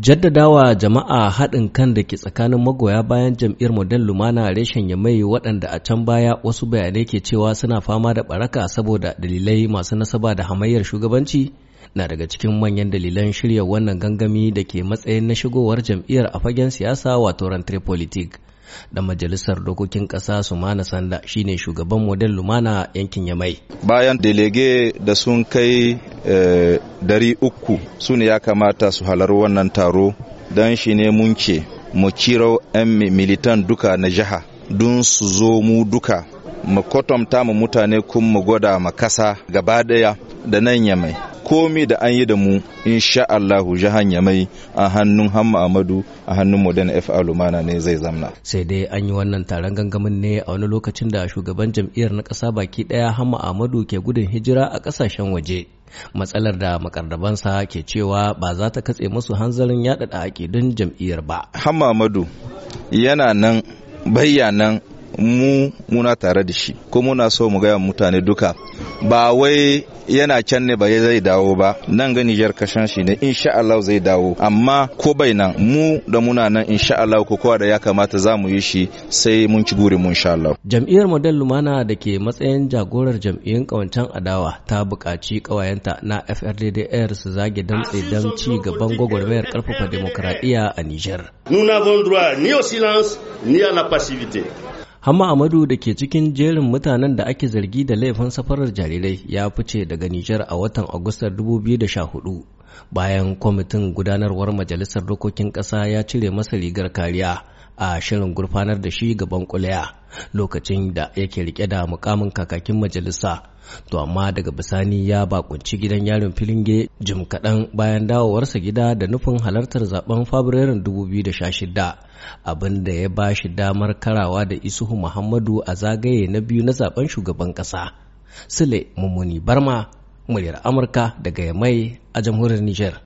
Jaddadawa jama'a haɗin kan da ke tsakanin magoya bayan jam'iyyar Model Lumana reshen ya mai waɗanda a can baya wasu bayanai ke cewa suna fama da ɓaraka saboda dalilai masu nasaba da hamayyar shugabanci na daga cikin manyan dalilan shirya wannan gangami da ke matsayin na shigowar jam'iyyar a fagen siyasa wato rentre politique. da majalisar dokokin ƙasa sumana sanda shine shugaban model lumana yankin yamai bayan delege da sun kai Eh, dari uku su ne ya kamata su halar wannan taro don shi ne mun ce mu kiro 'yan militan duka na jiha don su zo mu duka mu kwatanta mu mutane kun mu gwada ma kasa gaba daya da nan ya mai komi da an yi da mu insha Allahu jahan mai a hannun Hamma Amadu a hannun Modern F Alumana ne zai zamna sai dai an yi wannan taron gangamin ne a wani lokacin da shugaban jam'iyyar na ƙasa baki ɗaya Hamma Amadu ke gudun hijira a ƙasashen waje matsalar da makardabansa ke cewa ba za ta katse musu hanzarin da don jam'iyyar ba. Hamma Amadu yana nan bayyanan mu muna tare da shi ko muna so mu gaya mutane duka ba wai yana can ne ba zai dawo ba nan ga Nijar kashan shi ne insha Allah zai dawo amma ko bai nan mu da muna nan insha Allah ko kowa da ya kamata za mu yi shi sai mun ci guri mu insha Allah jam'iyyar model lumana da ke matsayin jagorar jam'iyyar kawancan adawa ta buƙaci kawayenta na FRDDR su zage damtse don ci gaban gwagwarmayar karfafa demokradiya a Nijar nous n'avons droit ni au silence ni à la passivité Hamma Amadu da ke cikin jerin mutanen da ake zargi da laifin safarar jarirai ya fice daga Nijar a watan Agustar 2014 bayan kwamitin gudanarwar Majalisar Dokokin Ƙasa ya cire masa rigar kariya a shirin gurfanar da shi gaban kuliya lokacin da yake rike da mukamin kakakin majalisa to amma daga bisani ya bakunci gidan yarin filinge jim kaɗan bayan dawowarsa gida da nufin halartar zaben fabrairun 2016 da ya ba shi damar karawa da isuhu muhammadu a zagaye na biyu na zaben shugaban ƙasa sule mummuni barma muryar amurka daga yamai a jamhuriyar niger